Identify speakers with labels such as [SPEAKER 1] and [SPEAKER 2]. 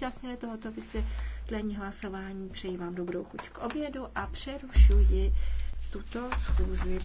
[SPEAKER 1] zúčastnili tohoto vysvětlení hlasování. Přeji vám dobrou chuť k obědu a přerušuji tuto schůzi.